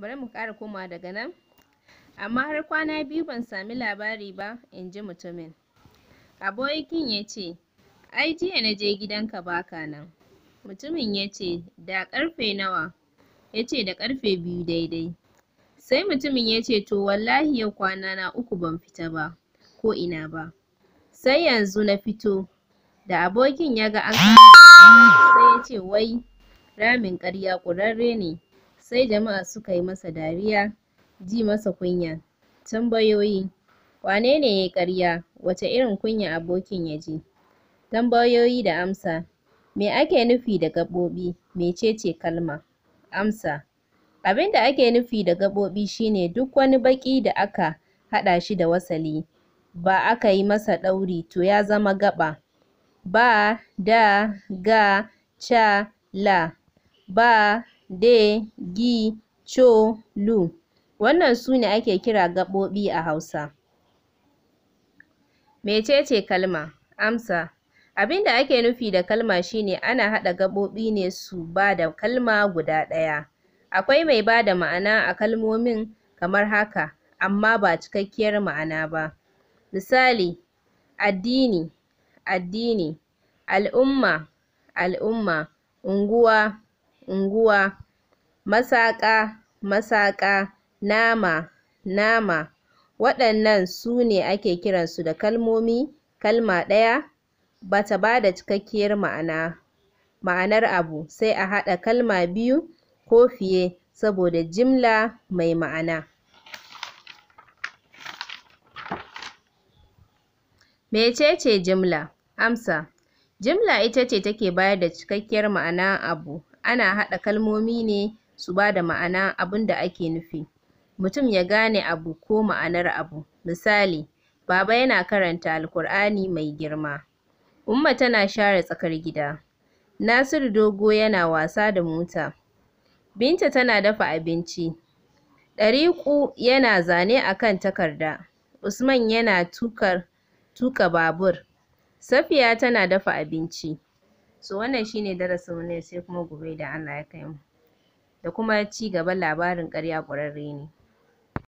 bari mu ƙara koma daga nan amma har kwana biyu ban sami labari ba in ji mutumin abokin ya ce ai jiya na je gidanka baka nan mutumin ya ce da ƙarfe nawa ya ce da karfe biyu daidai sai mutumin ya ce to wallahi yau kwana na uku ban fita ba ko ina ba sai yanzu na fito da abokin ya ga an sai ya ce wai ramin ƙarya ƙurarre ne sai jama'a suka yi masa dariya, ji masa kunya. Tambayoyi: Wane ne ya yi ƙarya? Wace irin kunya abokin ya ji? Tambayoyi da amsa: Me ake nufi da gaɓoɓi? Mecece kalma? Amsa: Abin da ake nufi da gaɓoɓi shine duk wani baƙi da aka haɗa shi da wasali, ba aka yi masa ɗauri to ya zama gaɓa. Ba, da, ga, ca, la. ba. de, gi, co, lu. Wannan su ne ake kira gaɓoɓi a Hausa. Mecece kalma? Amsa. Abinda ake nufi da kalma shine ana haɗa gaɓoɓi ne su ba da kalma guda ɗaya. Akwai mai bada ma'ana a kalmomin kamar haka, amma ba cikakkiyar ma'ana ba. Misali, addini, addini, al'umma, al'umma, unguwa, unguwa masaƙa masaƙa nama nama waɗannan sune ake kiransu da kalmomi kalma ɗaya bata da cikakkiyar ma'ana ma'anar abu sai a haɗa kalma biyu ko fiye saboda jimla mai ma'ana mecece jimla? amsa jimla ita ce take bayar da cikakkiyar ma'anar abu ana haɗa kalmomi ne su ba da ma'ana da ake nufi mutum ya gane abu ko ma'anar abu misali Baba yana karanta Alkur'ani mai girma Umma tana share tsakar gida Nasiru dogo yana wasa da mota Binta tana dafa abinci Ɗariƙu yana zane a kan takarda Usman yana tuƙa babur Safiya tana dafa abinci so wannan shine darasin mu na sai kuma gobe da Allah ya kai mu da kuma ci gaban labarin ƙarya ƙwararre ne